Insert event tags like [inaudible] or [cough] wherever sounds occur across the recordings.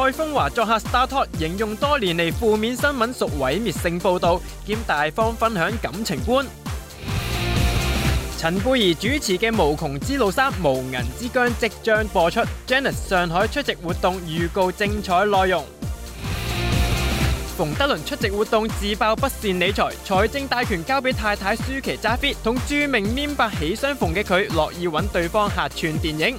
蔡楓華作客 StarTalk，形容多年嚟負面新聞屬毀滅性報道，兼大方分享感情觀。陳貝兒主持嘅《無窮之路三：無邊之疆》即將播出。Janice 上海出席活動，預告精彩內容。馮 [music] 德倫出席活動，自爆不善理財，財政大權交俾太太舒淇。揸 fit 同著名緬白喜相逢嘅佢，樂意揾對方客串電影。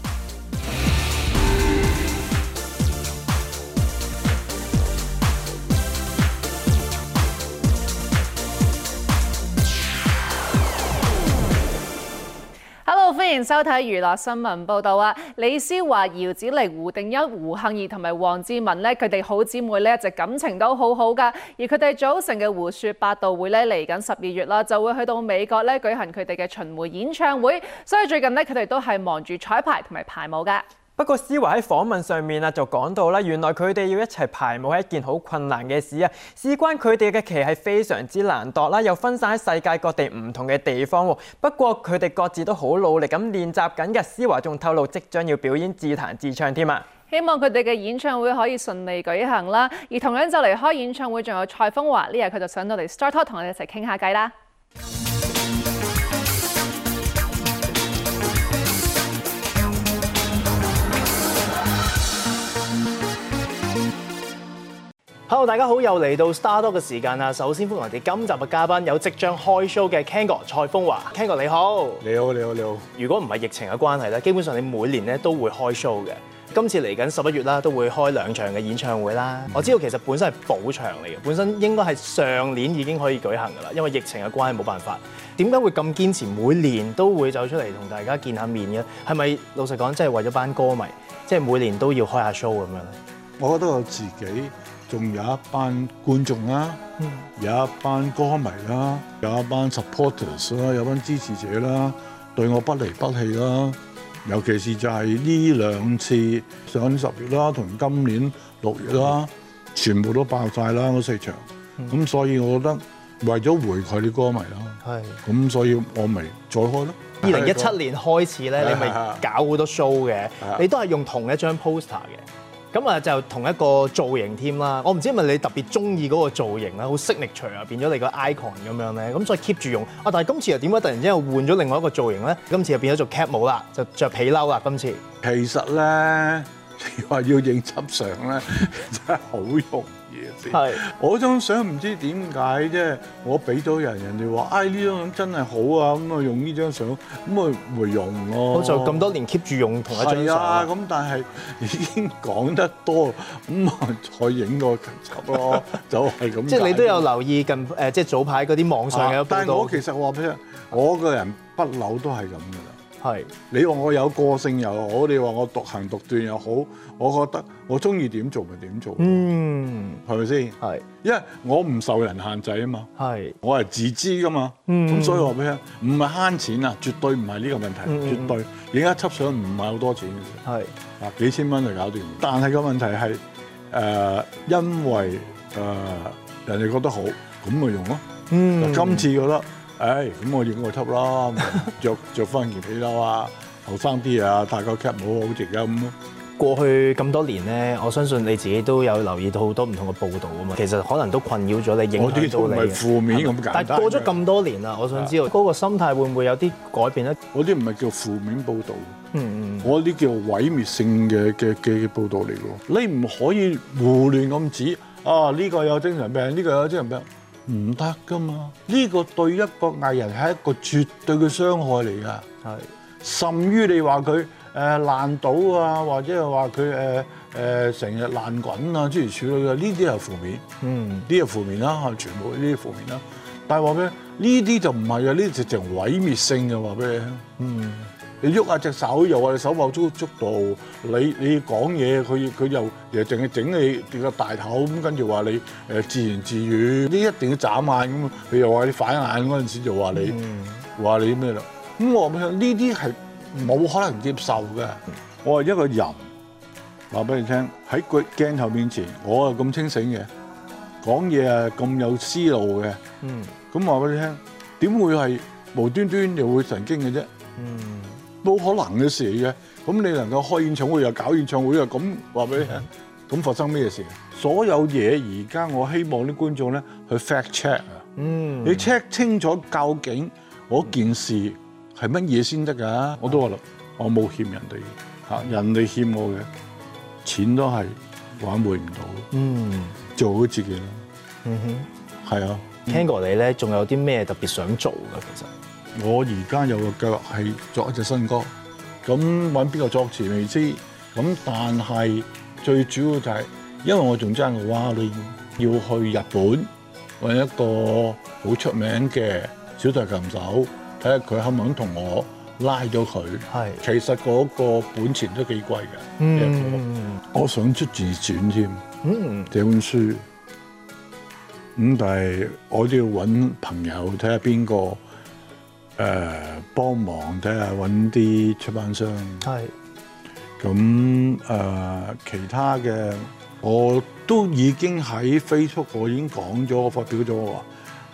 歡迎收睇娛樂新聞報道啊！李思華、姚子羚、胡定欣、胡杏兒同埋黃智雯咧，佢哋好姊妹咧，就感情都好好噶。而佢哋組成嘅胡說八道會咧，嚟緊十二月啦，就會去到美國咧舉行佢哋嘅巡迴演唱會，所以最近咧，佢哋都係忙住彩排同埋排舞噶。不過思華喺訪問上面啊，就講到啦，原來佢哋要一齊排舞係一件好困難嘅事啊，事關佢哋嘅棋係非常之難度啦，又分散喺世界各地唔同嘅地方。不過佢哋各自都好努力咁練習緊嘅。思華仲透露即將要表演自彈自唱添啊，希望佢哋嘅演唱會可以順利舉行啦。而同樣就嚟開演唱會，仲有蔡風華呢日佢就上到嚟 Start Talk 同我哋一齊傾下偈啦。Hello 大家好，又嚟到 Star Talk 嘅時間啦。首先歡迎我哋今集嘅嘉賓，有即將開 show 嘅 Ken 哥蔡風華。Ken 哥你好，你好，你好，你好。如果唔係疫情嘅關係咧，基本上你每年咧都會開 show 嘅。今次嚟緊十一月啦，都會開兩場嘅演唱會啦、嗯。我知道其實本身係補場嚟嘅，本身應該係上年已經可以舉行噶啦，因為疫情嘅關係冇辦法。點解會咁堅持每年都會走出嚟同大家見下面嘅？係咪老實講，即係為咗班歌迷，即係每年都要開下 show 咁樣咧？我覺得我自己。仲有一班觀眾啦、啊嗯，有一班歌迷啦、啊，有一班 supporters 啦、啊，有一班支持者啦、啊，對我不離不棄啦、啊。尤其是就係呢兩次上年十月啦、啊，同今年六月啦、啊嗯，全部都爆晒啦，嗰四場。咁、嗯、所以我覺得為咗回饋啲歌迷啦、啊，咁所以我咪再開咯。二零一七年開始咧，你咪搞好多 show 嘅，你都係用同一張 poster 嘅。咁啊，就同一個造型添啦。我唔知係咪你特別中意嗰個造型啊？好 signature 啊，變咗你個 icon 咁樣咧。咁所以 keep 住用。啊，但係今次又點解突然之間換咗另外一個造型咧？今次又變咗做 cap 帽啦，就着皮褸啦。今次其實咧，你話要影執相咧， [laughs] 真係好用。係，我張相唔知點解即係，我俾咗人，人哋話：哎，呢張真係好啊，咁啊用呢張相，咁啊會用咯。我就咁多年 keep 住用同一張相，咁、啊、但係已經講得多了，咁，望再影個集咯，就係、是、咁。 [laughs] 即係你都有留意近誒，即係早排嗰啲網上有、啊、但係我其實話俾你，我個人不嬲都係咁嘅。係，你話我有個性又好，你話我獨行獨斷又好，我覺得我中意點做咪點做，嗯，係咪先？係，因為我唔受人限制啊嘛，係，我係自資㗎嘛，咁、嗯、所以話畀你聽，唔係慳錢啊，絕對唔係呢個問題，嗯、絕對，而家執相唔係好多錢嘅，啫，係，啊幾千蚊就搞掂，但係個問題係，誒、呃、因為誒、呃、人哋覺得好，咁咪用咯，嗯，今次覺得。誒、哎、咁我影個輯咯，着着翻件皮褸啊，後生啲啊，大個輯冇好好，值啊咁。過去咁多年咧，我相信你自己都有留意到好多唔同嘅報導啊嘛，其實可能都困擾咗你影響到你。我啲唔係負面咁解。但係過咗咁多年啦，我想知道嗰個心態會唔會有啲改變咧？我啲唔係叫負面報導，嗯嗯，我啲叫毀滅性嘅嘅嘅報導嚟㗎。你唔可以胡亂咁指啊呢、呢個有精神病，呢、呢個有精神病。唔得噶嘛！呢個對一個藝人係一個絕對嘅傷害嚟噶，係甚於你話佢誒爛賭啊，或者係話佢誒誒成日爛滾啊諸如此類嘅，呢啲係負面，嗯，呢啲係負面啦、啊，全部呢啲負面啦、啊。但係話畀你，呢啲就唔係啊，呢就成毀滅性嘅話畀你聽。嗯。你喐下隻手，又話你手舞足蹈，你你講嘢，佢佢又又淨係整你跌個大頭咁，跟住話你、呃、自言自語，你一定要眨眼咁，你又話你反眼嗰陣時就話你話、嗯、你咩啦？咁我唔想呢啲係冇可能接受嘅。我係一個人，話俾你聽喺鏡頭面前，我係咁清醒嘅，講嘢啊咁有思路嘅。咁話俾你聽，點會係無端端又會神經嘅啫？嗯冇可能嘅事嘅，咁你能夠開演唱會又搞演唱會啊？咁話俾你，咁發生咩事？所有嘢而家我希望啲觀眾咧去 fact check 啊，嗯，你 check 清楚究竟嗰件事係乜嘢先得㗎？我都話啦，我冇欠人哋嚇，嗯、人哋欠我嘅錢都係挽回唔到，嗯，做好自己啦，嗯哼，係、嗯、啊 c 你咧仲有啲咩特別想做㗎其實？我而家有個計劃係作一隻新歌，咁揾邊個作詞未知，咁但係最主要就係、是，因為我仲爭個話你要去日本揾一個好出名嘅小提琴手，睇下佢肯唔肯同我拉咗佢。係，其實嗰個本錢都幾貴嘅。嗯、那個，我想出自傳添。嗯，這本書。咁但係我都要揾朋友睇下邊個。看看誒，幫忙睇下搵啲出版商。係。咁誒、呃，其他嘅我都已經喺 Facebook，我已經講咗，我發表咗。我話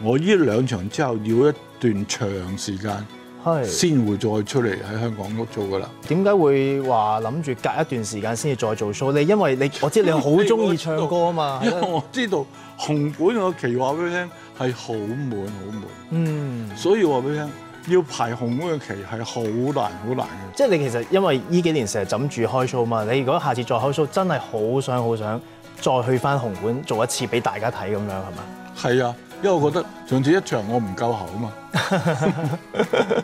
我呢兩場之後，要一段長時間，係，先會再出嚟，喺香港屋做噶啦。點解會話諗住隔一段時間先至再做 show？你因為你，我知你好中意唱歌啊嘛。因為我知道，因為我知道紅館個期話俾你聽係好悶好悶，嗯，所以話俾你聽。要排紅館嘅期係好難好難嘅，即係你其實因為呢幾年成日枕住開 show 嘛，你如果下次再開 show，真係好想好想再去翻紅館做一次俾大家睇咁樣係嘛？係啊，因為我覺得上次一場我唔夠喉啊嘛，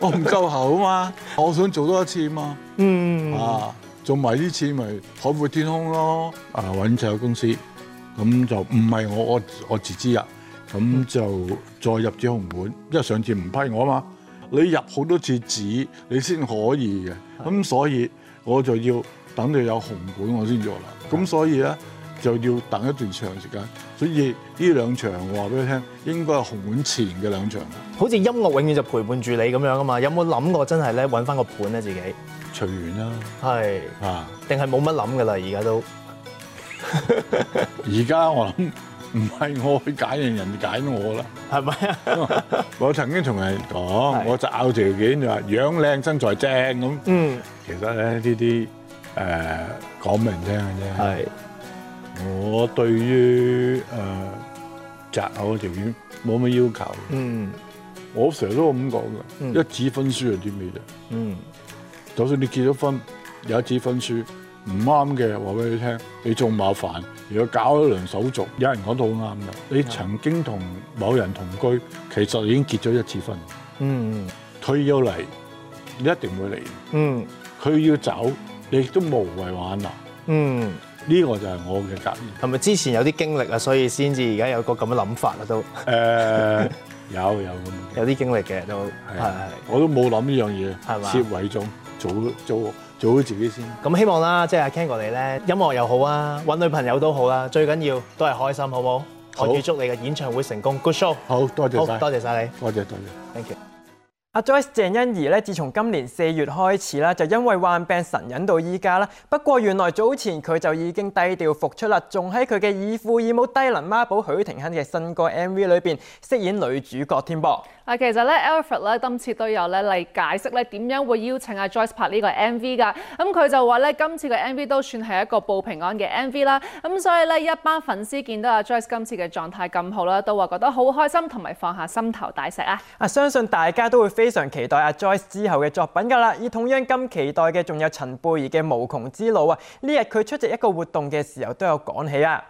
[laughs] [laughs] 我唔夠喉啊嘛，我想做多一次嘛，嗯啊，做埋呢次咪海闊天空咯，啊揾就公司咁就唔係我我我自資啊，咁就再入咗紅館，因為上次唔批我啊嘛。你入好多次紙，你先可以嘅。咁所以我就要等住有紅館我先做啦。咁所以咧就要等一段長時間。所以呢兩場話俾你聽，應該係紅館前嘅兩場。好似音樂永遠就陪伴住你咁樣啊嘛。有冇諗過真係咧搵返個盤咧自己？隨緣啦。係。啊？定係冇乜諗嘅啦，而家都。而 [laughs] 家我諗。唔係我去揀人，人揀我啦，係咪啊？我曾經同人講，我擇偶條件就話樣靚身材正咁。嗯，其實咧呢啲誒講俾人聽嘅啫。係，我對於誒擇偶條件冇乜要求。嗯，我成日都咁講嘅，一紙婚書係啲咩啫？嗯，就算你結咗婚，有一紙婚書。唔啱嘅，話俾你聽，你仲麻煩。如果搞一輪手續，有人講到好啱㗎，你曾經同某人同居，其實已經結咗一次婚。嗯，佢要嚟，你一定會嚟。嗯，佢要走，你亦都無謂挽留。嗯，呢個就係我嘅格言。係咪之前有啲經歷啊，所以先至而家有個咁嘅諗法啦？都誒，有有咁。有啲經歷嘅都，係係，我都冇諗呢樣嘢，係咪？設為咗做做。做好自己先。咁希望啦，即係阿 Ken 哥嚟咧，音樂又好啊，揾女朋友都好啦，啊，最緊要都係開心，好唔好？好，我預祝你嘅演唱會成功，good show。好多謝曬，多謝曬你，多謝多謝，thank you，啊。阿 Joyce 鄭欣宜咧，自從今年四月開始啦，就因為患病神隱到依家啦。不過原來早前佢就已經低調復出啦，仲喺佢嘅《二父二母低能孖寶》許廷鏗嘅新歌 MV 裏邊飾演女主角添噃。嗱，其實咧 Alfred 咧，今次都有咧嚟解釋咧點樣會邀請阿 Joyce 拍呢個 MV 噶。咁佢就話咧，今次嘅 MV 都算係一個報平安嘅 MV 啦。咁所以咧，一班粉絲見到阿 Joyce 今次嘅狀態咁好啦，都話覺得好開心同埋放下心頭大石啊。啊，相信大家都會非常期待阿 Joyce 之後嘅作品㗎啦。而同樣咁期待嘅仲有陳貝兒嘅無窮之路啊。呢日佢出席一個活動嘅時候都有講起啊。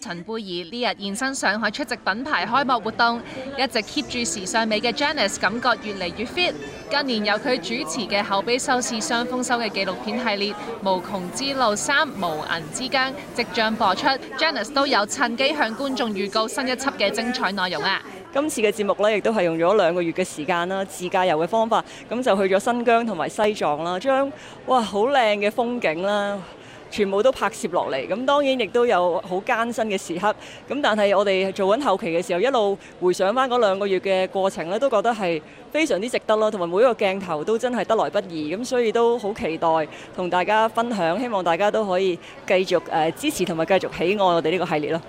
陳貝兒呢日現身上海出席品牌開幕活動，一直 keep 住時尚美嘅 Janice 感覺越嚟越 fit。近年由佢主持嘅口碑收視雙豐收嘅紀錄片系列《無窮之路三無銀之疆》即將播出，Janice 都有趁機向觀眾預告新一輯嘅精彩內容啊！今次嘅節目呢亦都係用咗兩個月嘅時間啦，自駕遊嘅方法咁就去咗新疆同埋西藏啦，將哇好靚嘅風景啦～全部都拍攝落嚟，咁當然亦都有好艱辛嘅時刻，咁但係我哋做緊後期嘅時候，一路回想翻嗰兩個月嘅過程咧，都覺得係。非常之值得咯，同埋每一個鏡頭都真係得來不易，咁所以都好期待同大家分享，希望大家都可以繼續誒、呃、支持同埋繼續喜愛我哋呢個系列咯。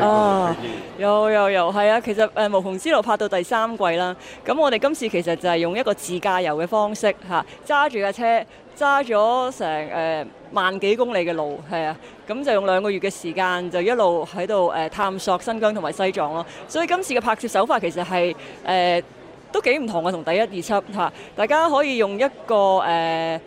哦、 [laughs] 啊，有有有，係啊，其實誒、呃《無窮之路》拍到第三季啦，咁我哋今次其實就係用一個自駕遊嘅方式吓，揸住架車揸咗成誒。萬幾公里嘅路，係啊，咁就用兩個月嘅時間，就一路喺度誒探索新疆同埋西藏咯。所以今次嘅拍攝手法其實係誒、呃、都幾唔同嘅，同第一二輯吓、啊。大家可以用一個誒。呃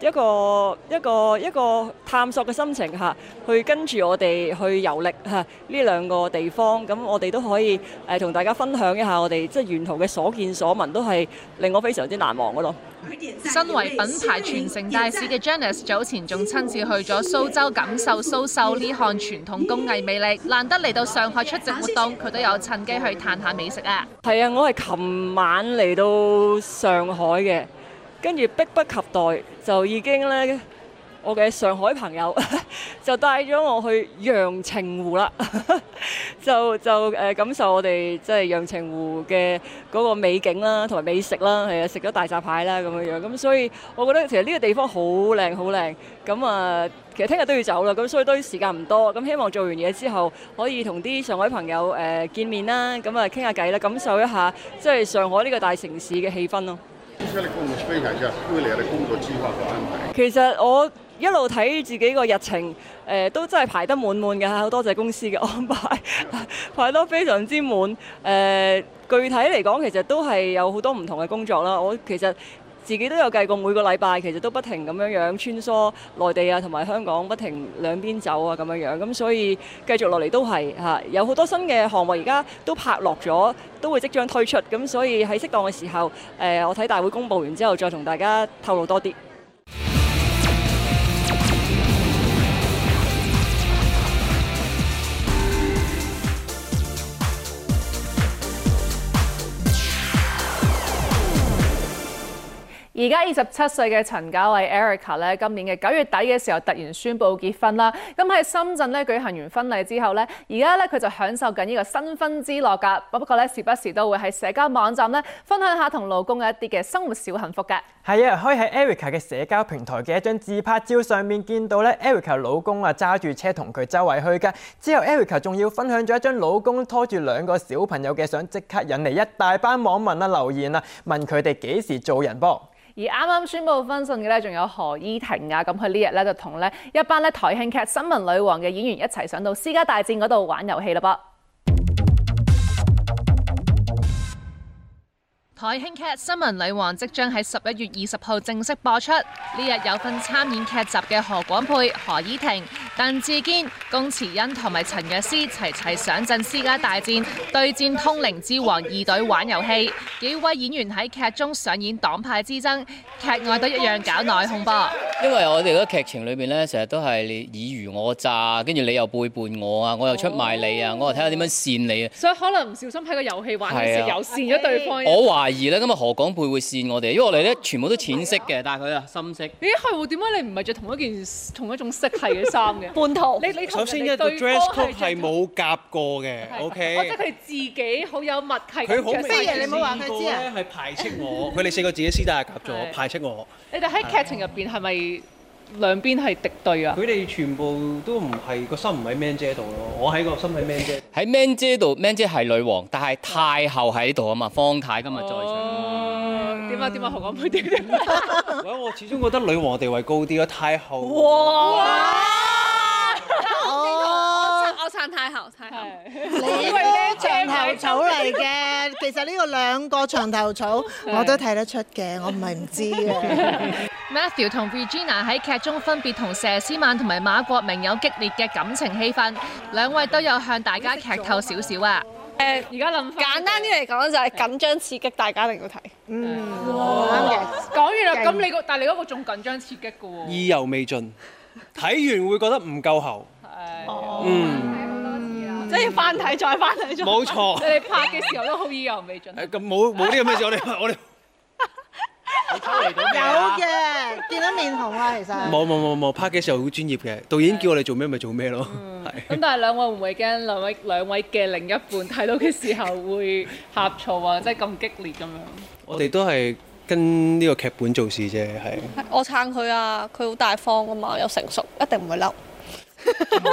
一個一個一個探索嘅心情吓，去跟住我哋去遊歷吓呢兩個地方，咁我哋都可以誒同大家分享一下我哋即係沿途嘅所見所聞，都係令我非常之難忘噶咯。身為品牌傳承大使嘅 Janice 早前仲親自去咗蘇州感受蘇繡呢項傳統工藝魅力。難得嚟到上海出席活動，佢都有趁機去嘆下美食啊。係啊，我係琴晚嚟到上海嘅，跟住迫不及待。就已經咧，我嘅上海朋友就帶咗我去陽澄湖啦，就就誒感受我哋即係陽澄湖嘅嗰個美景啦，同埋美食啦，係啊，食咗大閘蟹啦，咁樣樣。咁所以我覺得其實呢個地方好靚，好靚。咁啊，其實聽日都要走啦，咁所以都時間唔多。咁希望做完嘢之後，可以同啲上海朋友誒見面啦，咁啊傾下偈啦，感受一下即係上海呢個大城市嘅氣氛咯。其實我一路睇自己個日程，誒、呃、都真係排得滿滿嘅，好多謝公司嘅安排，排得非常之滿。誒、呃、具體嚟講，其實都係有好多唔同嘅工作啦。我其實自己都有計過每個禮拜，其實都不停咁樣樣穿梭內地啊，同埋香港不停兩邊走啊咁樣樣，咁所以繼續落嚟都係吓有好多新嘅項目，而家都拍落咗，都會即將推出，咁所以喺適當嘅時候，誒我睇大會公佈完之後，再同大家透露多啲。而家二十七歲嘅陳家慧 Erica 咧，Erica, 今年嘅九月底嘅時候突然宣布結婚啦。咁喺深圳咧舉行完婚禮之後咧，而家咧佢就享受緊呢個新婚之樂噶。不,不過咧，時不時都會喺社交網站咧分享下同老公嘅一啲嘅生活小幸福嘅。係啊，可以喺 Erica 嘅社交平台嘅一張自拍照上面見到咧，Erica 老公啊揸住車同佢周圍去嘅。之後 Erica 仲要分享咗一張老公拖住兩個小朋友嘅相，即刻引嚟一大班網民啊留言啊，問佢哋幾時做人噃。而啱啱宣布婚訊嘅咧，仲有何依婷啊！咁佢呢日咧就同咧一班台慶劇《新聞女王》嘅演員一齊上到私家大戰嗰度玩遊戲啦，噃！台慶劇《新聞女王》即將喺十一月二十號正式播出。呢日有份參演劇集嘅何廣沛、何依婷、鄧智堅、龔慈恩同埋陳若思齊齊上陣私家大戰，對戰通靈之王二隊玩遊戲。幾位演員喺劇中上演黨派之爭，劇外都一樣搞內訌噃。因為我哋嗰劇情裏面呢，成日都係你以虞我詐，跟住你又背叛我啊，我又出賣你啊，我又睇下點樣扇你啊。所以可能唔小心喺個遊戲玩嘅時候又扇咗對方。第二咧，咁啊何廣沛會跣我哋，因為我哋咧全部都淺色嘅，但係佢啊深色。咦係喎，點解你唔係着同一件、同一種色系嘅衫嘅？ [laughs] 半套。你你首先一對 dress code 係冇夾過嘅 okay, okay，OK。我覺得佢自己好有默契。佢好嘢，你佢明顯係排斥我，佢 [laughs] 哋四個自己私底下夾咗， [laughs] 排斥我。 [laughs] 你哋喺劇情入邊係咪？兩邊係敵對啊！佢哋全部都唔係個心唔喺 Man 姐度咯，我喺個心喺 Man 姐。喺 Man 姐度，Man 姐係女王，但係太后喺度啊嘛。方太今日在場，點、呃、啊點、嗯、啊何港妹點？喂， [laughs] 我始終覺得女王地位高啲咯，太后。哇！哇哇我、哦、我，撐我撐太后，太后。 [laughs] [laughs] 你呢長頭草嚟嘅， [laughs] 其實呢個兩個長頭草 [laughs] 我都睇得出嘅，我唔係唔知嘅。 [laughs] Matthew 同 Regina 喺劇中分別同佘詩曼同埋馬國明有激烈嘅感情氣氛，兩位都有向大家劇透少少啊。誒，而家諗返簡單啲嚟講就係緊張刺激，大家一定要睇。嗯，啱嘅。講完啦，咁你個但係你嗰個仲緊張刺激嘅喎、嗯嗯。意猶未盡，睇完會覺得唔夠喉。係、哦。嗯。睇好多次即係翻睇再翻睇冇錯。你哋拍嘅時候都好意猶未盡。咁冇冇呢個咩事，我哋我哋。有嘅，見到面紅啊，其實。冇冇冇冇，拍嘅時候好專業嘅，導演叫我哋做咩咪做咩咯。咁、嗯、但係兩位唔會驚兩位兩位嘅另一半睇到嘅時候會呷醋啊？即係咁激烈咁樣。我哋都係跟呢個劇本做事啫，係。我撐佢啊！佢好大方㗎嘛，又成熟，一定唔會嬲。好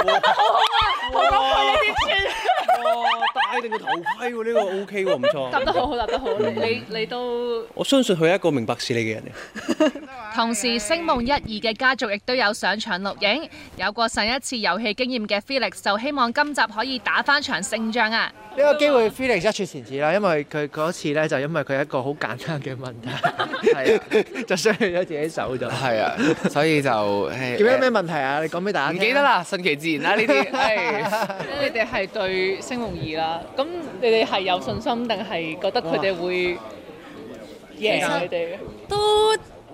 好啊！我 appreciate 呢啲穿。哇，戴定個頭盔喎，呢個 O K 喎，唔錯。答得好好，答得好。你你都我相信佢係一個明白事理嘅人。同時，聲夢一、二嘅家族亦都有上場錄影。有過上一次遊戲經驗嘅 Felix 就希望今集可以打翻場勝仗啊！呢個機會 Felix 一雪前恥啦，因為佢嗰次咧就因為佢一個好簡單嘅問題，就傷咗自己手就係啊，所以就誒。叫咩咩問題啊？你講俾大家聽。唔記得啦。順其自然啦！呢啲係你哋係對星夢二啦，咁你哋係有信心定係覺得佢哋會贏你哋？都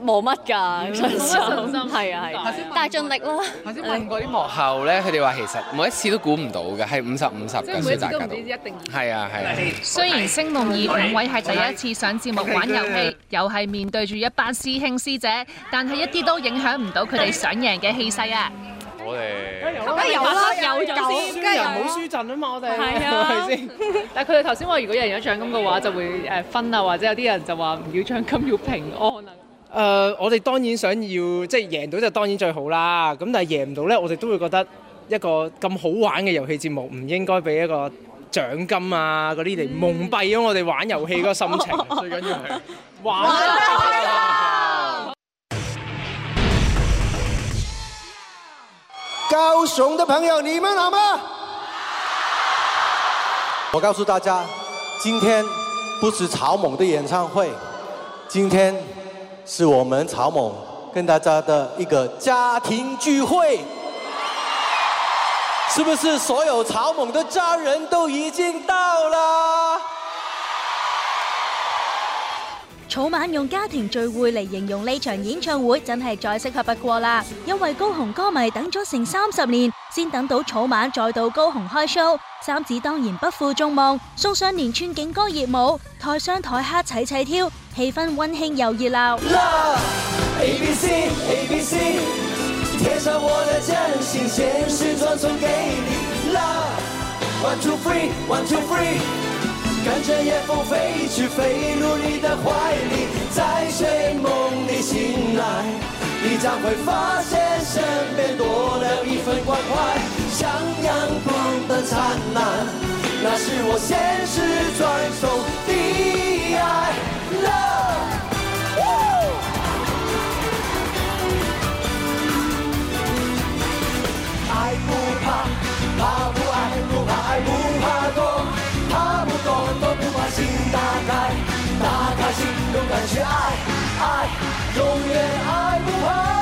冇乜㗎，信心係啊係，但盡力啦。頭先問過啲幕後咧，佢哋話其實每一次都估唔到嘅，係五十五十，即係每次都唔一定。係啊係。雖然星夢二五位係第一次上節目玩遊戲，又係面對住一班師兄師姐，但係一啲都影響唔到佢哋想贏嘅氣勢啊！我哋梗係有啦，有就先，梗係唔好輸陣啊嘛！我哋係咪先？但係佢哋頭先話，如果贏咗獎金嘅話，就會誒分啊，或者有啲人就話唔要獎金，要平安啊。誒，我哋當然想要即係贏到就當然最好啦。咁但係贏唔到咧，我哋都會覺得一個咁好玩嘅遊戲節目，唔應該俾一個獎金啊嗰啲嚟蒙蔽咗我哋玩遊戲嗰個心情。最緊要係玩啊！高雄的朋友，你們好嗎？我告訴大家，今天不是曹猛的演唱會，今天是我們曹猛跟大家的一個家庭聚會。是不是所有曹猛的家人都已經到了？草蜢用家庭聚會嚟形容呢場演唱會真係再適合不過啦，因為高雄歌迷等咗成30年，先等到草蜢再到高雄開 show，三子當然不負眾望，送上連串勁歌熱舞，台上台下齊齊跳，氣氛溫馨又熱鬧。La ABC, ABC, 跟着夜風飛去，飛入你的懷裏，在睡夢裏醒來，你將會發現身邊多了一份關懷，像陽光般燦爛，那是我現實專屬的愛。Love，愛不怕，怕不愛。心動感去愛，愛，永遠愛不怕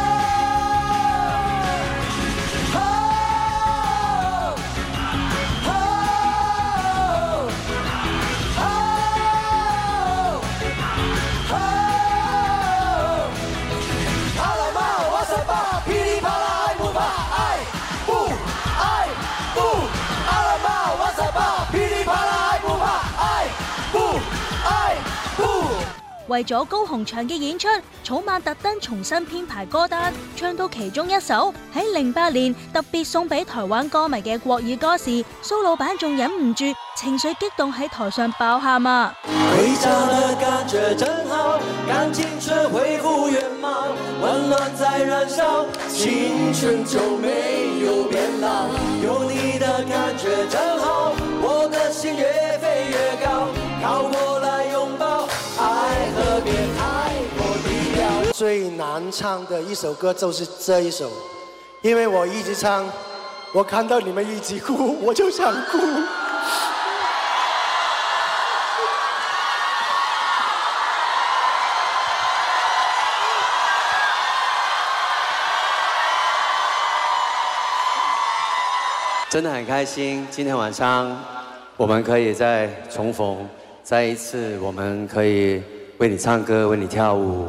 為咗高雄場嘅演出，草蜢特登重新編排歌單，唱到其中一首喺零八年特別送俾台灣歌迷嘅國語歌時，蘇老闆仲忍唔住情緒激動，喺台上爆喊啊。回家的感覺真好，感青春恢復原貌，温暖在燃燒，青春就沒有變老，有你的感覺真好，我的心越飛越高高最難唱的一首歌就是這一首，因為我一直唱，我看到你們一直哭，我就想哭。真的很開心，今天晚上我們可以再重逢，再一次我們可以為你唱歌，為你跳舞。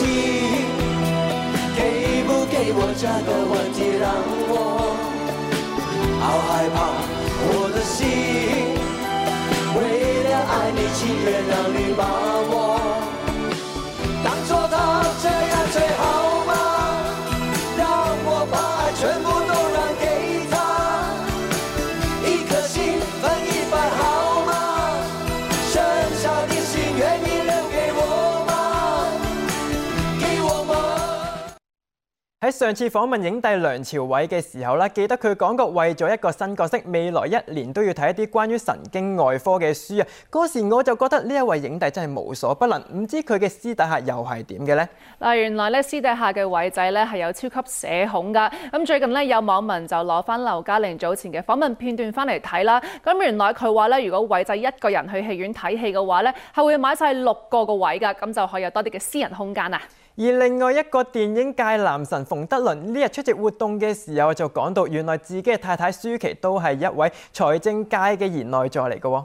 心給不給我這個問題讓我好害怕，我的心為了愛你，情願讓你把我。喺上次訪問影帝梁朝偉嘅時候咧，記得佢講過為咗一個新角色，未來一年都要睇一啲關於神經外科嘅書啊！嗰時我就覺得呢一位影帝真係無所不能，唔知佢嘅私底下又係點嘅呢？嗱，原來咧，私底下嘅偉仔咧係有超級社恐噶咁最近咧有網民就攞翻劉嘉玲早前嘅訪問片段翻嚟睇啦。咁原來佢話咧，如果偉仔一個人去戲院睇戲嘅話咧，係會買晒六個個位噶咁就可以有多啲嘅私人空間啊！而另外一個電影界男神馮德倫呢日出席活動嘅時候就講到，原來自己嘅太太舒淇都係一位財政界嘅賢內助嚟嘅。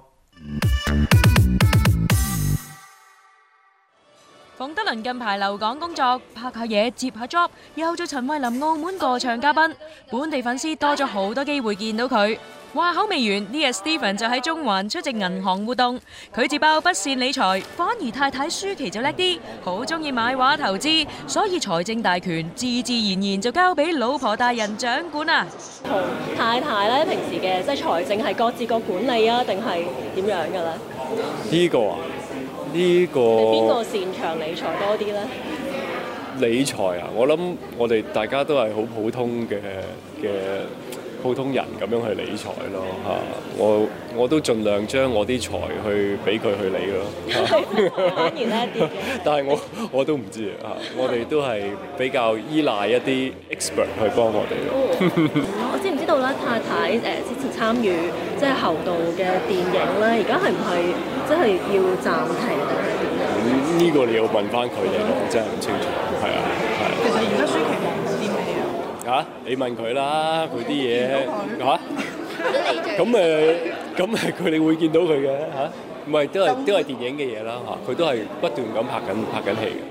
馮德倫近排留港工作，拍下嘢接下 job，又做陳慧琳澳門個唱嘉賓，本地粉絲多咗好多機會見到佢。話口未完，呢日 Stephen 就喺中環出席銀行活動，佢自爆不善理財，反而太太舒淇就叻啲，好中意買畫投資，所以財政大權自自然然就交俾老婆大人掌管啊。同太太咧平時嘅即係財政係各自各管理啊，定係點樣噶喇？呢個啊，呢個邊個擅長理財多啲咧？理財啊，我諗我哋大家都係好普通嘅嘅。的普通人咁樣去理財咯嚇，我我都盡量將我啲財去俾佢去理咯。當然咧， [laughs] [laughs] 但係我我都唔知啊， [laughs] 我哋都係比較依賴一啲 expert 去幫我哋。 [laughs] 我知唔知道咧，太太誒、呃、之前參與即係侯導嘅電影咧，而家係唔係即係要暫停呢、嗯呢個你要問翻佢哋，我真係唔清楚，係啊。嚇！你問佢啦，佢啲嘢嚇。咁誒，咁誒佢哋會見到佢嘅嚇。唔係都係都係電影嘅嘢啦嚇。佢都係不斷咁拍緊拍緊戲嘅。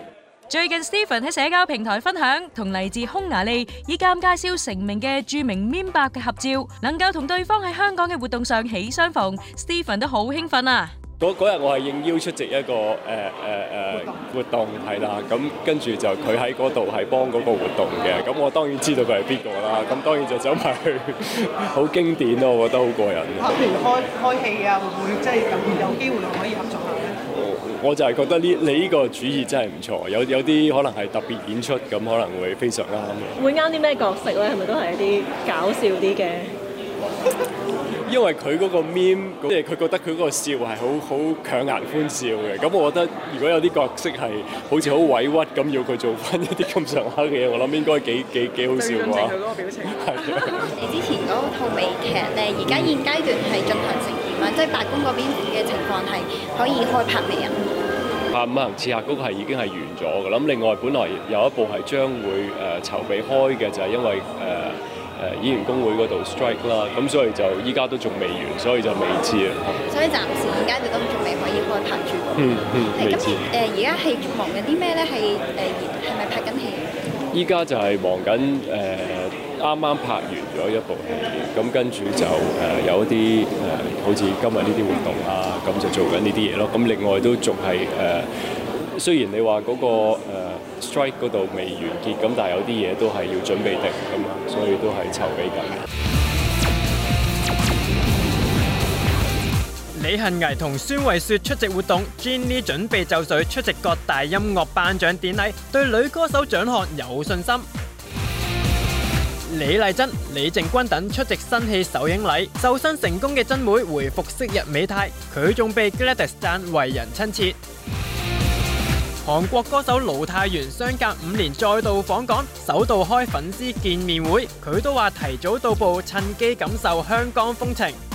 最近 Stephen 喺社交平台分享同嚟自匈牙利以鑑介紹成名嘅著名 Mimba 嘅合照，能夠同對方喺香港嘅活動上喜相逢，Stephen 都好興奮啊！嗰日我係應邀出席一個誒誒誒活動，係啦，咁跟住就佢喺嗰度係幫嗰個活動嘅，咁我當然知道佢係邊個啦，咁當然就走埋去。好 [laughs] 經典咯，我覺得好過癮。譬如開開戲啊，會唔會即係有有機會可以合作下咧？我我就係覺得呢你呢個主意真係唔錯，有有啲可能係特別演出，咁可能會非常啱。會啱啲咩角色咧？係咪都係一啲搞笑啲嘅？ [laughs] 因為佢嗰個 meme，即係佢覺得佢嗰個笑係好好強顏歡笑嘅。咁我覺得如果有啲角色係好似好委屈咁要佢做翻一啲咁上下嘅嘢，我諗應該幾幾幾好笑啩。係 [laughs] 你之前嗰套美劇咧，而家現階段係進行、成點、白的情況，即係白宮嗰邊嘅情況係可以開拍未啊？拍五行刺客嗰個係已經係完咗嘅啦。咁另外，本來有一部係將會、呃、籌備開嘅，就係、是、因為、呃演員工會嗰度 strike 啦，咁所以就依家都仲未完，所以就未知啊。所以暫時而家就都仲未可以開拍住。嗯嗯，未知。誒而家係忙緊啲咩咧？係，誒係咪拍緊戲？依家就係忙緊誒，啱啱拍完咗一部戲，咁跟住就誒有一啲誒，好似今日呢啲活動啊，咁就做緊呢啲嘢咯。咁另外都仲係誒，雖然你話嗰個誒。Strike 嗰度未完結，咁但係有啲嘢都係要準備定。咁啊，所以都係籌備緊。李恒毅同孫慧雪出席活動，Jenny 準備就緒出席各大音樂頒獎典禮，對女歌手獎項有信心。李麗珍、李靜君等出席新戲首映禮，瘦身成功嘅珍妹回復昔日美態，佢仲被 Gladys 讚為人親切。韓國歌手盧泰源相隔五年再度訪港，首度開粉絲見面會，佢都話提早到埗，趁機感受香港風情。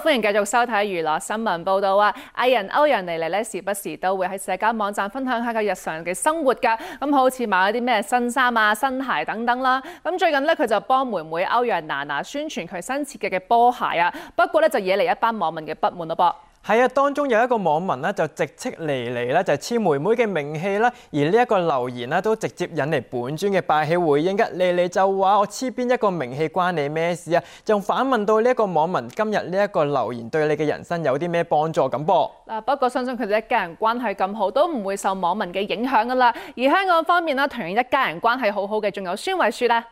歡迎繼續收睇娛樂新聞報道啊！藝人歐陽妮妮咧時不時都會喺社交網站分享下佢日常嘅生活㗎，咁、嗯、好似買咗啲咩新衫啊、新鞋等等啦。咁、嗯、最近咧，佢就幫妹妹歐陽娜娜宣傳佢新設計嘅波鞋啊，不過咧就惹嚟一班網民嘅不滿咯噃。係啊，當中有一個網民咧就直斥莉莉咧就黐、係、妹妹嘅名氣啦，而呢一個留言呢，都直接引嚟本尊嘅霸氣回應嘅。你你就話我黐邊一個名氣關你咩事啊？仲反問到呢一個網民今日呢一個留言對你嘅人生有啲咩幫助咁噃。嗱，不過相信佢哋一家人關係咁好，都唔會受網民嘅影響噶啦。而香港方面呢，同樣一家人關係很好好嘅，仲有孫慧雪啦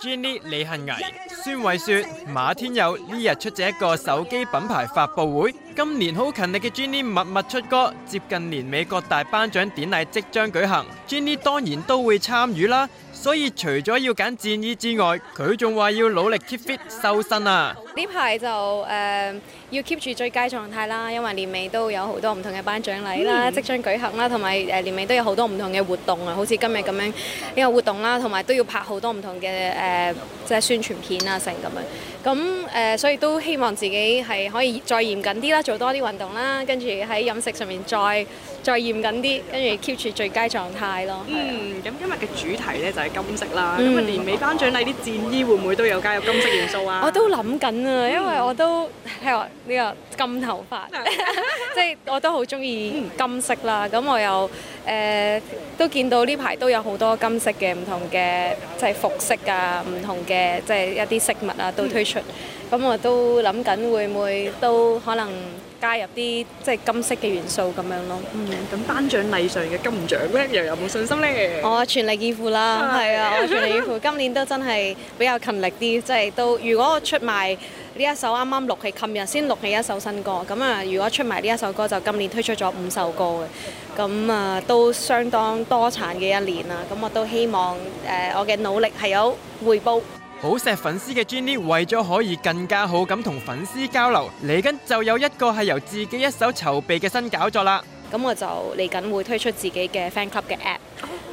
，Jennie 李幸倪。孫慧雪、馬天佑呢日出席一個手機品牌發布會。今年好勤力嘅 Jennie 默默出歌，接近年尾各大頒獎典禮即將舉行，Jennie、嗯、當然都會參與啦。所以除咗要揀戰衣之外，佢仲話要努力 keep fit 修身啊。呢排就誒、呃、要 keep 住最佳狀態啦，因為年尾都有好多唔同嘅頒獎禮啦，即將舉行啦，同埋誒年尾都有好多唔同嘅活動啊，好似今日咁樣呢、這個活動啦，同埋都要拍好多唔同嘅誒、呃、即係宣傳片。咁、啊、樣咁誒、呃，所以都希望自己係可以再嚴謹啲啦，做多啲運動啦，跟住喺飲食上面再，再嚴謹啲，跟住 keep 住最佳狀態咯。嗯，咁今日嘅主題呢就係金色啦。咁啊，年尾頒獎禮啲戰衣會唔會都有加入金色元素啊？我都諗緊啊，因為我都係話呢個金頭髮，即係我都好中意金色啦。咁我又誒都見到呢排都有好多金色嘅唔同嘅即係服飾啊，唔同嘅即係一啲飾物啊都推出。咁我都諗緊會唔會都可能。加入啲即係金色嘅元素咁樣咯。嗯，咁頒獎禮上嘅金獎咧，又有冇信心咧？我全力以赴啦，係啊，我全力以赴。今年都真係比較勤力啲，即係都如果我出埋呢一首啱啱錄起，琴日先錄起一首新歌。咁啊，如果出埋呢一首歌，就今年推出咗五首歌嘅。咁啊，都相當多產嘅一年啦。咁我都希望誒，我嘅努力係有回報。好錫粉絲嘅 Jenny，為咗可以更加好咁同粉絲交流，嚟緊就有一個係由自己一手籌備嘅新搞作啦。咁我就嚟緊會推出自己嘅 Fan Club 嘅 App。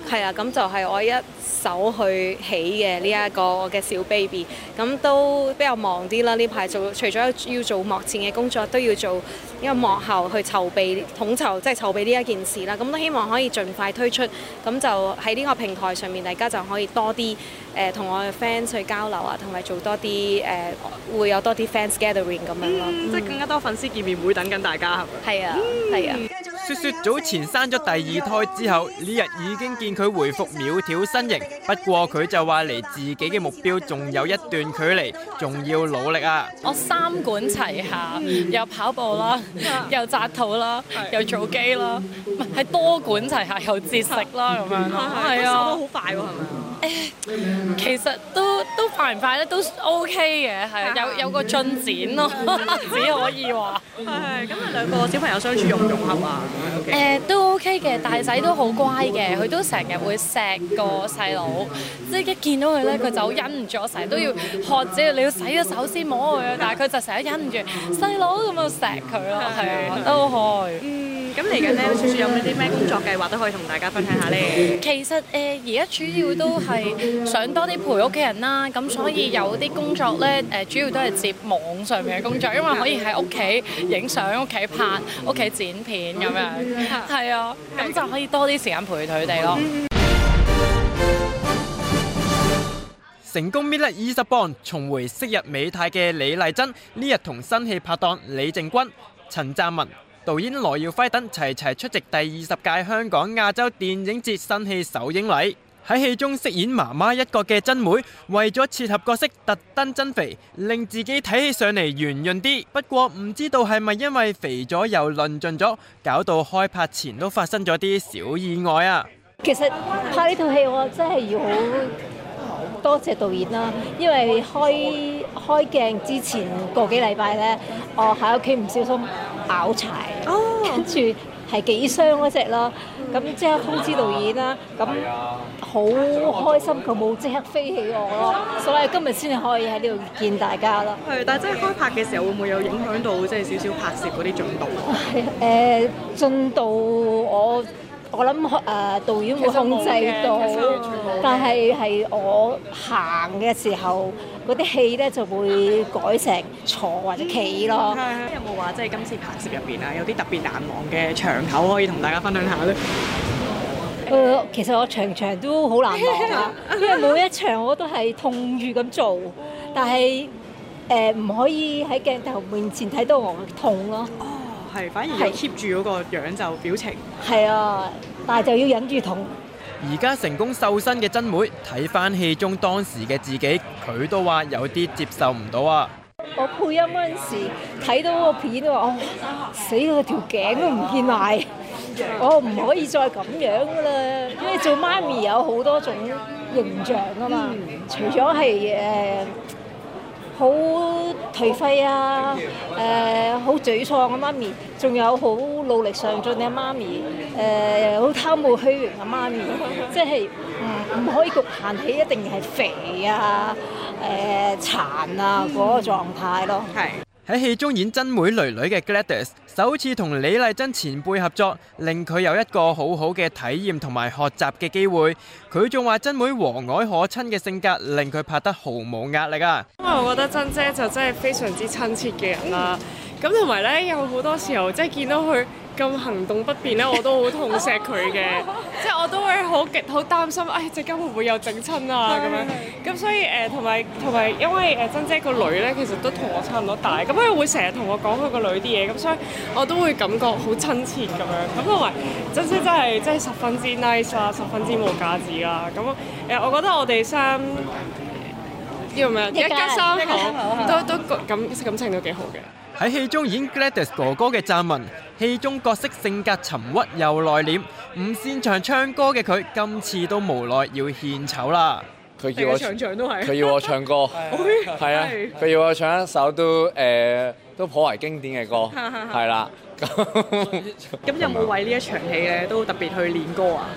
係啊，咁就係我一手去起嘅呢一個我嘅小 baby。咁都比較忙啲啦，呢排做除咗要做幕前嘅工作，都要做呢個幕後去籌備、統籌，即係籌備呢一件事啦。咁都希望可以盡快推出。咁就喺呢個平台上面，大家就可以多啲誒同我嘅 fans 去交流啊，同埋做多啲誒、呃、會有多啲 fans gathering 咁樣咯、嗯嗯。即係更加多粉絲見面會等緊大家係啊，係、嗯、啊。雪雪早前生咗第二胎之後呢日已經見佢回復苗條身形，不過佢就話離自己嘅目標仲有一段距離，仲要努力啊！我三管齊下，又跑步啦，又紮肚啦，又做機啦，係多管齊下，又節食啦咁樣咯，嗯嗯嗯嗯、啊，瘦得好快喎，係咪？啊誒、uh，其實都都快唔快咧，都 O K 嘅，係有有個進展咯，只可以話。係咁啊，兩個小朋友相處融唔融合啊？誒，都 O K 嘅，大仔都好乖嘅，佢都成日會錫個細佬，即係一見到佢咧，佢就忍唔住，成日都要學，即係你要洗咗手先摸佢啊。但係佢就成日忍唔住細佬咁啊錫佢咯，係啊，都好可愛。嗯，咁嚟緊咧，有冇啲咩工作計劃都可以同大家分享下咧？其實誒，而家主要都係。係想多啲陪屋企人啦，咁所以有啲工作咧，誒，主要都係接網上面嘅工作，因為可以喺屋企影相、屋企拍、屋企剪片咁樣，係啊，咁就可以多啲時間陪佢哋咯。成功搣甩二十磅，重回昔日美態嘅李麗珍，呢日同新戲拍檔李靖筠、陳湛文、導演羅耀輝等齊齊出席第二十屆香港亞洲電影節新戲首映禮。喺戲中飾演媽媽一角嘅真妹，為咗切合角色，特登增肥，令自己睇起上嚟圓潤啲。不過唔知道係咪因為肥咗又論盡咗，搞到開拍前都發生咗啲小意外啊！其實拍呢套戲我真係要好多謝導演啦，因為開開鏡之前個幾禮拜咧，我喺屋企唔小心拗柴，哦、跟住。係幾傷嗰隻咯，咁即刻通知導演啦，咁好開心佢冇即刻飛起我咯，所以今日先至可以喺呢度見大家咯。係，但係真係開拍嘅時候會唔會有影響到即係少少拍攝嗰啲進度？誒、呃、進度我。我諗誒導演會控制到，但係係我行嘅時候，嗰啲戲咧就會改成坐或者企咯。咁有冇話即係今次拍攝入邊啊？有啲特別難忘嘅場口可以同大家分享下咧？誒、嗯嗯嗯嗯嗯嗯嗯嗯，其實我場場都好難忘呀，因為每一場我都係痛住咁做，但係誒唔可以喺鏡頭面前睇到我痛咯。係，反而要 keep 住嗰個樣就表情。係啊，但係就要忍住痛。而家成功瘦身嘅珍妹睇翻戲中當時嘅自己，佢都話有啲接受唔到啊！我配音嗰陣時睇到個片啊、哦，死啦條頸都唔見埋，我唔、啊啊哦、可以再咁樣噶啦，因為做媽咪有好多種形象啊嘛，除咗係誒。好頹廢啊！誒、呃，好沮喪啊，媽咪！仲有好努力上進嘅媽咪，誒、呃，好貪慕虛榮嘅媽咪，即係唔唔可以局限起，一定係肥啊、誒、呃、殘啊嗰、那個狀態咯。係。喺戲中演珍妹女女嘅 Gladys，首次同李麗珍前輩合作，令佢有一個好好嘅體驗同埋學習嘅機會。佢仲話：珍妹和藹可親嘅性格，令佢拍得毫無壓力啊！因為我覺得珍姐就真係非常之親切嘅人啦、啊。咁同埋咧，有好多時候即係見到佢。咁行動不便咧，我都好痛錫佢嘅，即 [laughs] 係我都會好極好擔心，唉、哎，陣間會唔會有整親啊咁樣？咁 [laughs] 所以誒，同埋同埋，因為誒、呃、珍姐個女咧，其實都同我差唔多大，咁 [laughs] 佢會成日同我講佢個女啲嘢，咁所以我都會感覺好親切咁樣。咁同埋珍姐真係真係十分之 nice 啊，十分之冇架子啦。咁誒、呃，我覺得我哋三要咩啊？一家三口 [laughs] 都都感感情都幾好嘅。喺戲中演 Gladys 哥哥嘅贊文，戲中角色性格沉鬱又內斂，唔擅長唱歌嘅佢，今次都無奈要獻醜啦。佢要我唱唱都係，佢要我唱歌，係啊，佢要我唱一首都誒，都頗為經典嘅歌，係啦。咁有冇為呢一場戲咧，都特別去練歌啊？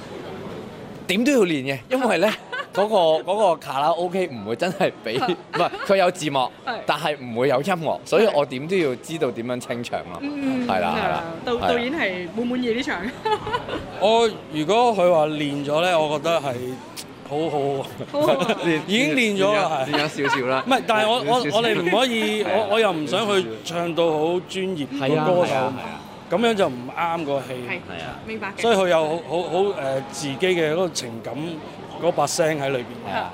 點都要練嘅，因為咧。嗰、那個那個卡拉 OK 唔會真係比，唔係佢有字幕，是但係唔會有音樂，所以我點都要知道點樣清唱啊，係、嗯、啦、啊啊啊，導是、啊、導演係滿滿意呢場。我如果佢話練咗咧，我覺得係好、啊、好好練、啊， [laughs] 已經練咗啦，係練咗少少啦。唔 [laughs] 係，但係我我我哋唔可以，我、 [laughs] 啊、我又唔想去唱到好專業嘅歌手、啊，咁、嗯、樣就唔啱個戲，係啊，明白。所以佢又好好好誒自己嘅嗰個情感。嗰把聲喺裏邊啊！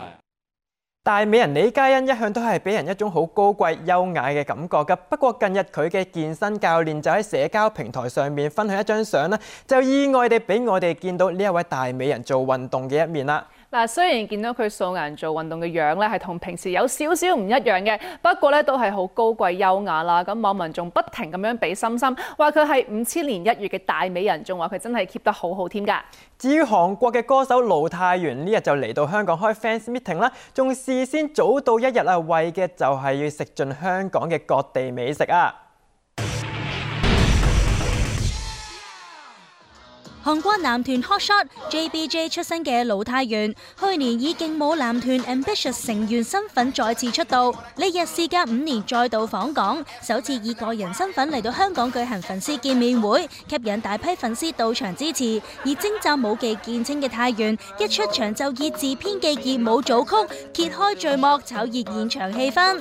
大美人李嘉欣一向都係俾人一種好高貴優雅嘅感覺噶。不過近日佢嘅健身教練就喺社交平台上面分享一張相啦，就意外地俾我哋見到呢一位大美人做運動嘅一面啦。嗱，雖然見到佢素顏做運動嘅樣咧，係同平時有少少唔一樣嘅，不過咧都係好高貴優雅啦。咁網民仲不停咁樣俾心心，話佢係五千年一遇嘅大美人，仲話佢真係 keep 得好好添㗎。至於韓國嘅歌手盧泰源呢日就嚟到香港開 fans meeting 啦，仲事先早到一日啊，為嘅就係要食盡香港嘅各地美食啊！韓國男團 Hotshot JBJ 出身嘅盧泰元，去年以勁舞男團 Ambitious 成員身份再次出道，呢日事隔五年再度訪港，首次以個人身份嚟到香港舉行粉絲見面會，吸引大批粉絲到場支持。以精湛舞技見稱嘅泰元，一出場就以自編嘅熱舞組曲揭開序幕，炒熱現場氣氛。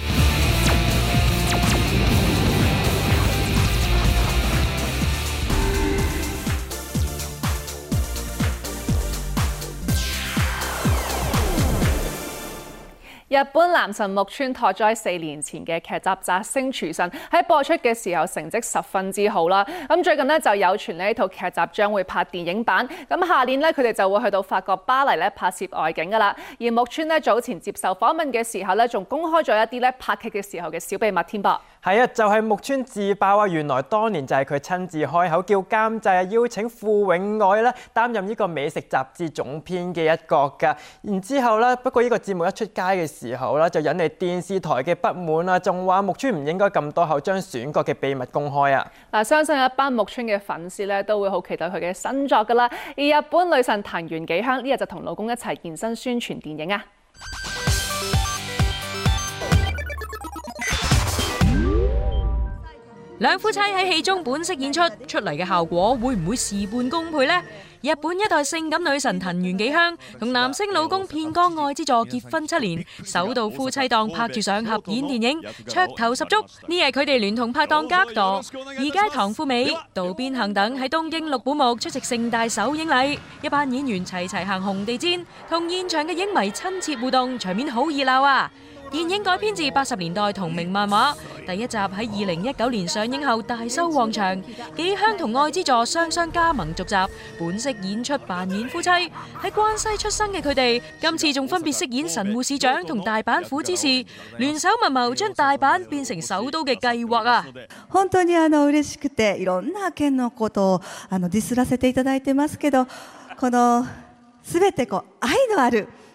日本男神木村拓哉四年前嘅劇集《咋星廚神》喺播出嘅時候成績十分之好啦。咁最近呢，就有傳呢套劇集將會拍電影版，咁下年呢，佢哋就會去到法國巴黎咧拍攝外景㗎喇。而木村呢，早前接受訪問嘅時候咧，仲公開咗一啲咧拍劇嘅時候嘅小秘密添噃。係啊，就係、是、木村自爆啊，原來當年就係佢親自開口叫監製啊，邀請傅永愛咧擔任呢個美食雜誌總編嘅一角噶。然之後咧，不過呢個節目一出街嘅時候咧，就引嚟電視台嘅不滿啊，仲話木村唔應該咁多口將選角嘅秘密公開啊。嗱，相信一班木村嘅粉絲咧都會好期待佢嘅新作噶啦。而日本女神藤原紀香呢日就同老公一齊現身宣傳電影啊。兩夫妻喺戲中本色演出，出嚟嘅效果會唔會事半功倍呢？日本一代性感女神藤原紀香同男星老公片岡愛之助結婚七年，首度夫妻檔拍住上合演電影，噱頭十足。呢日佢哋聯同拍檔加朵、而家唐富美、渡邊恒等喺東京六本木出席盛大首映禮，一班演員齊齊行紅地毯，同現場嘅影迷親切互動，場面好熱鬧啊！電影改編自八十年代同名漫畫，第一集喺二零一九年上映後大收旺場。紀香同愛之助雙雙加盟續集，本色演出扮演夫妻。喺關西出生嘅佢哋，今次仲分別飾演神戶市長同大阪府知事，聯手密謀將大阪變成首都嘅計劃啊！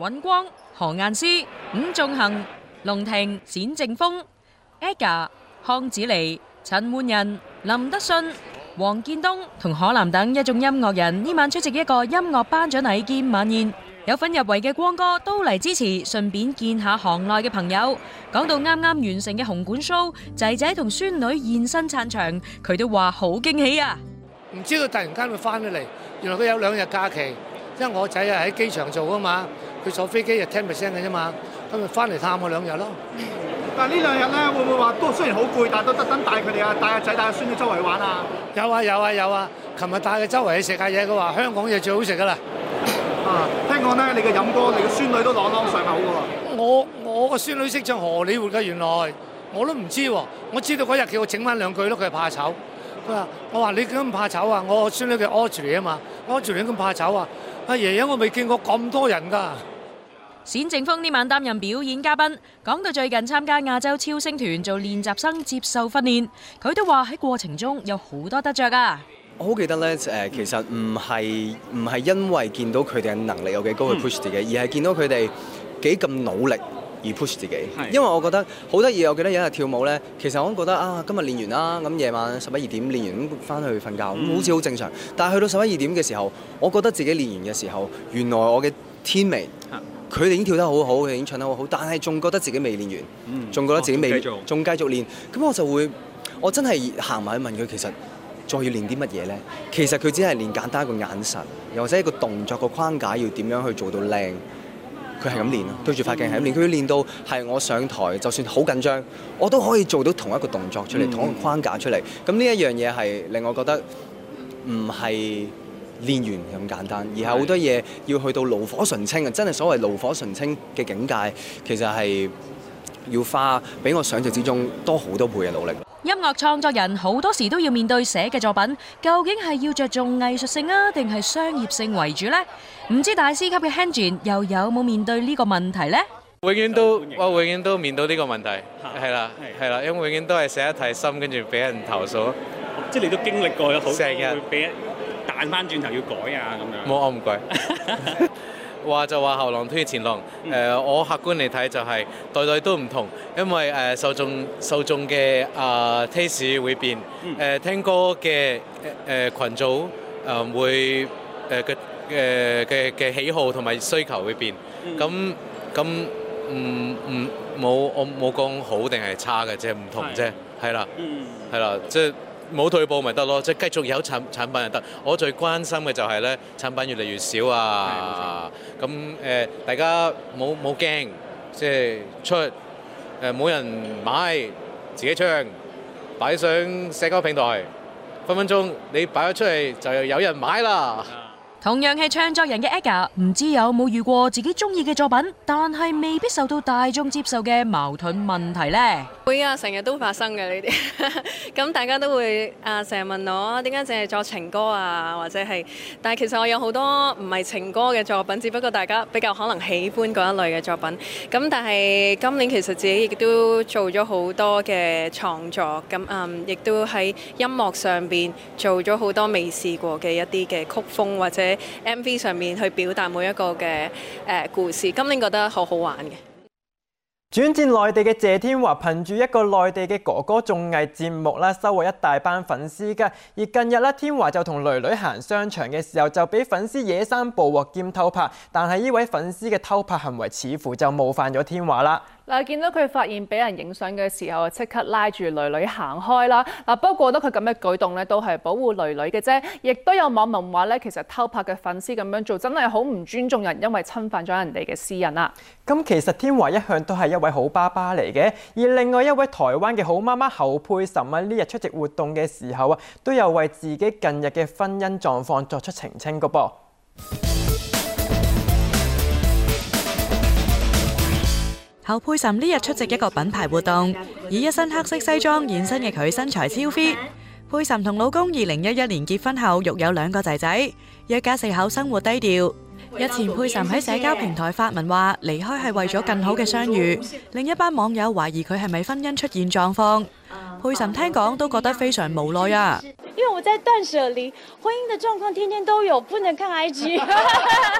尹光、何雁詩、伍仲衡、龍庭、冼正峰、Edgar、康子妮、陳奐仁、林德信、黃建東同可南等一眾音樂人呢晚出席一個音樂頒獎禮兼晚宴，有份入圍嘅光哥都嚟支持，順便見一下行內嘅朋友。講到啱啱完成嘅紅館 show，仔仔同孫女現身撐場，佢都話好驚喜啊！唔知道突然間會翻咗嚟，原來佢有兩日假期，因為我仔啊喺機場做啊嘛。佢坐飛機就聽咪聲嘅啫嘛，咁咪翻嚟探我兩日咯。但係呢兩日咧，會唔會話都雖然好攰，但係都特登帶佢哋啊，帶阿仔帶阿孫女周圍玩啊。有啊有啊有啊！琴日、啊、帶佢周圍去食下嘢，佢話香港嘢最好食噶啦。啊，聽講咧，你嘅飲歌，你嘅孫女都朗朗上口嘅喎。我我個孫女識唱荷里活㗎，原來我都唔知喎、啊。我知道嗰日叫我整翻兩句咯，佢係怕醜。佢話：我話你咁怕醜啊！我的孫女叫 Audrey 啊嘛，Audrey 咁怕醜啊！阿、啊、爺爺我未見過咁多人㗎。冼靖峰呢晚擔任表演嘉賓，講到最近參加亞洲超星團做練習生，接受訓練，佢都話喺過程中有好多得着噶、啊。我好記得咧，誒、呃，其實唔係唔係因為見到佢哋嘅能力有幾高去 push 自己，嗯、而係見到佢哋幾咁努力而 push 自己。嗯、因為我覺得好得意，我記得有一日跳舞咧，其實我覺得啊，今日練完啦、啊，咁夜晚十一二點練完咁翻去瞓覺，嗯、好似好正常。但係去到十一二點嘅時候，我覺得自己練完嘅時候，原來我嘅 teammate。佢哋已經跳得好好，佢哋已經唱得好好，但係仲覺得自己未練完，仲、嗯、覺得自己未，仲繼續練。咁我就會，我真係行埋去問佢，其實再要練啲乜嘢呢？其實佢只係練簡單一個眼神，又或者一個動作個框架要點樣去做到靚。佢係咁練咯，對住發鏡係咁練。佢要練到係我上台，就算好緊張，我都可以做到同一個動作出嚟、嗯，同一個框架出嚟。咁呢一樣嘢係令我覺得唔係。練完咁簡單，而係好多嘢要去到爐火純青啊！真係所謂爐火純青嘅境界，其實係要花比我想象之中多好多倍嘅努力。音樂創作人好多時都要面對寫嘅作品，究竟係要著重藝術性啊，定係商業性為主呢？唔知大師級嘅 Henderson 又有冇面對呢個問題呢？永遠都我永遠都面對呢個問題，係啦係啦，因為永遠都係寫得太深，跟住俾人投訴。即係你都經歷過有好成日俾。彈翻轉頭要改啊咁樣，冇，我唔改。話就話後浪推前浪。誒，我客觀嚟睇就係代代都唔同，因為誒受眾受眾嘅啊 taste 會變。誒聽歌嘅誒羣組誒會誒嘅誒嘅嘅喜好同埋需求會變。咁咁唔唔冇我冇講好定係差嘅，即係唔同啫，係啦，嗯，係啦，即係。冇退步咪得咯，即係繼續有產產品就得。我最關心嘅就係咧，產品越嚟越少啊。咁誒，大家冇冇驚？即係出誒冇人買，自己唱擺上社交平台，分分鐘你擺咗出嚟就有人買啦。同樣係唱作人嘅 Edgar，唔知有冇遇過自己中意嘅作品，但係未必受到大眾接受嘅矛盾問題咧？會啊，成日都發生嘅呢啲，咁 [laughs] 大家都會啊，成日問我點解淨係作情歌啊，或者係，但其實我有好多唔係情歌嘅作品，只不過大家比較可能喜歡嗰一類嘅作品。咁但係今年其實自己亦都做咗好多嘅創作，咁嗯，亦都喺音樂上面做咗好多未試過嘅一啲嘅曲風或者 MV 上面去表達每一個嘅誒故事。今年覺得好好玩嘅。轉戰內地嘅謝天華，憑住一個內地嘅哥哥綜藝節目啦，收穫一大班粉絲嘅。而近日啦，天華就同女女行商場嘅時候，就俾粉絲野生捕獲兼偷拍。但係呢位粉絲嘅偷拍行為，似乎就冒犯咗天華啦。嗱，見到佢發現俾人影相嘅時候啊，即刻拉住女女行開啦！嗱，不過得佢咁嘅舉動咧，都係保護女女嘅啫。亦都有網民話咧，其實偷拍嘅粉絲咁樣做，真係好唔尊重人，因為侵犯咗人哋嘅私隱啦。咁其實天華一向都係一位好爸爸嚟嘅，而另外一位台灣嘅好媽媽侯佩岑啊，呢日出席活動嘅時候啊，都有為自己近日嘅婚姻狀況作出澄清㗎噃。后佩岑呢日出席一個品牌活動，以一身黑色西裝現身嘅佢身材超 fit。佩岑同老公二零一一年結婚後育有兩個仔仔，一家四口生活低調。日前佩岑喺社交平台發文話離開係為咗更好嘅相遇，令一班網友懷疑佢係咪婚姻出現狀況。佩岑聽講都覺得非常無奈啊！因為我在斷捨離，婚姻的狀況天天都有，不能看 IG。 [laughs]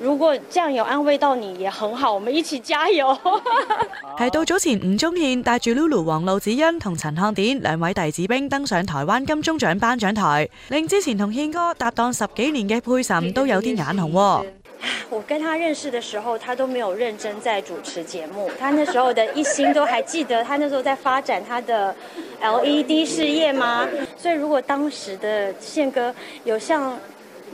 如果這樣有安慰到你，也很好。我們一起加油。係 [laughs] 到早前，吳宗憲帶住 Lulu、黃路子欣同陳漢典兩位弟子兵登上台灣金鐘獎頒獎台，令之前同憲哥搭檔十幾年嘅佩甄都有啲眼紅、 [noise] 啊。我跟他認識的時候，他都沒有認真在主持節目，他那時候的一心都還記得，他那時候在發展他的 LED 事業嗎？所以，如果當時的憲哥有像。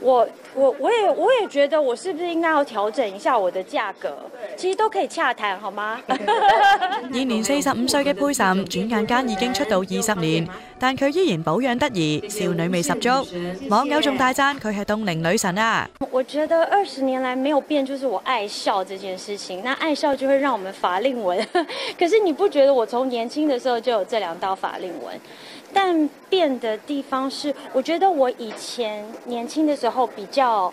我我我也我也覺得我是不是應該要調整一下我的價格？其實都可以洽談，好嗎？現 [laughs] 年四十五歲嘅佩岑，轉眼間已經出道二十年，但佢依然保養得宜，少女味十足。網友仲大讚佢係凍齡女神啊！我覺得二十年來沒有變，就是我愛笑這件事情。那愛笑就會讓我們法令紋，可是你不覺得我從年輕的時候就有這兩道法令紋？但變的地方是，我覺得我以前年輕的時候比較